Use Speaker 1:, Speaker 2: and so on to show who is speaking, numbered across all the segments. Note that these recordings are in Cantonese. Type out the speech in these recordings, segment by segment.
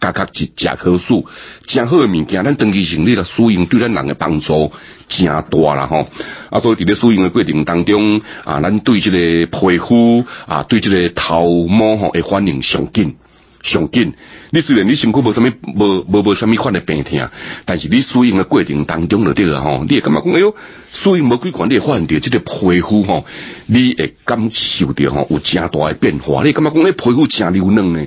Speaker 1: 加克一假棵樹，真好嘅物件，咱長期性你若使用對咱人嘅幫助誠大啦吼。啊，所以佇咧使用嘅過程當中，啊，咱對即個皮膚啊，對即個頭毛吼會反應上緊上緊。你雖然你身軀無啥物，無無無啥物款嘅病痛，但是你使用嘅過程當中落底個吼，你會感覺講哎呦，使用無幾款你會反應着即個皮膚吼，你會感受着吼有誠大嘅變化。你感覺講你皮膚誠柔嫩呢？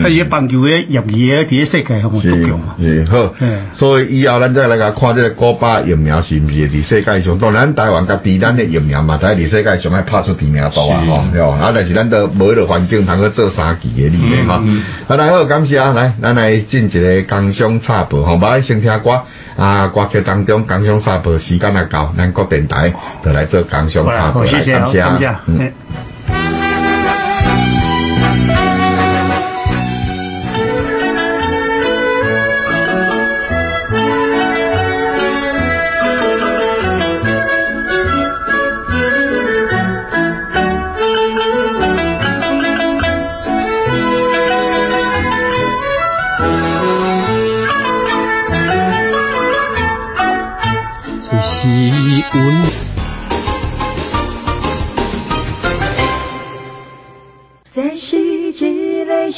Speaker 2: 啲、嗯、
Speaker 3: 所以以後咱再來看這個古巴疫
Speaker 2: 苗，是不是？喺世界上，當然台灣跟低，但的疫苗嘛，喺世界上係拍出第名啊、哦！啊，但是咱都冇呢個環境，能夠做三期的利嘅。哈、嗯嗯嗯！好，感謝，來咱來進一個廣告插、呃、插，插播。好，吧，先聽歌。啊，歌曲當中廣告插播時間啊，到，南國電台，都來做廣告插播，謝謝。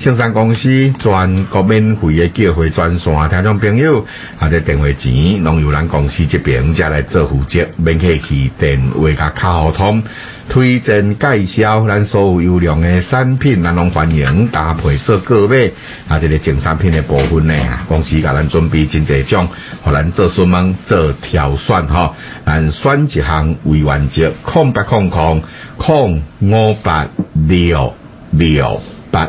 Speaker 2: 聖山公司全國免費嘅機會轉送聽眾朋友，啊，載、這個、電話錢攏由咱公司這邊才來做負責，免客氣電話，畫卡溝通，推薦介紹咱所有優良嘅產品，咱攏歡迎搭配。說各位，啊，這個新產品嘅部分呢、啊，公司甲咱準備真儕種，互咱做選，做挑選吼。咱、哦、選一項會員節，空八空空，空五八六六八。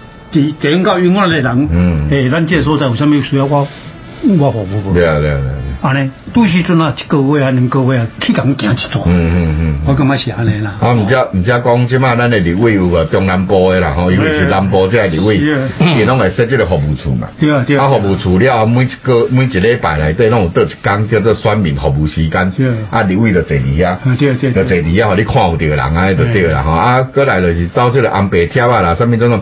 Speaker 3: 嗯嗯嗯嗯嗯的人，誒、嗯，咱、欸、這個所在有蝦米需要我，我服務不，不，不，不？啊，對啊，對啊。啊嘞，都是準啊，一個月啊，兩個月啊，天天
Speaker 2: 行一趟。嗯嗯嗯，嗯。我感覺是阿嘞啦。啊，唔知唔知講即賣咱的立委有啊，中南部的啦，吼，因為是南部的、嗯、這的立委，伊攏會設置的服務處嘛。對啊，對啊。服務處了，每一個每一禮拜內底，那種得一天叫做選民服務時間。對。啊，立委就坐裡遐。啊，對對。就坐裡遐，你看唔到人啊，就對啦哈。啊，過來就是招這個紅白帖啊啦，上面種種。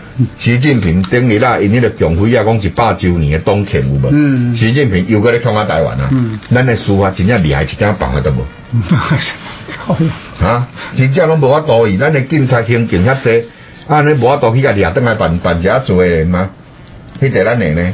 Speaker 2: 習近平頂日啦，因迄個江輝啊講一百周年嘅黨慶有無？習、嗯、近平又擱咧衝我台灣啊，咱嘅司法真正厲害，一點辦法都無。 啊，真正攏無法度伊，咱嘅警察刑警遐濟，啊，尼無法度去甲掠倒來辦辦遮多誒嘛？迄個咱嘅呢。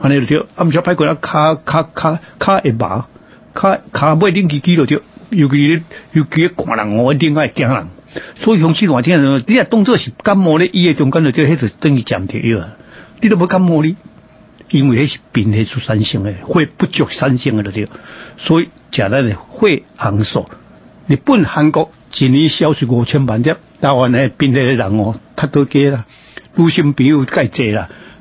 Speaker 3: 按呢就對啊，咁少派過一卡骹卡卡骹把，卡卡唔係拎住機度就，尤其尤其掛人，哦，一定係驚人。所以上次我聽人，你若當作是感冒咧，伊嘅仲跟住即迄就等於食毋着藥啊。你都冇感冒咧，因為迄是貧血出酸性誒，血不足酸性嘅就對，所以食咱誒血紅素，日本韓國一年消失五千萬隻，台灣誒貧血嘅人哦，太多嘅啦，女性朋友太濟啦。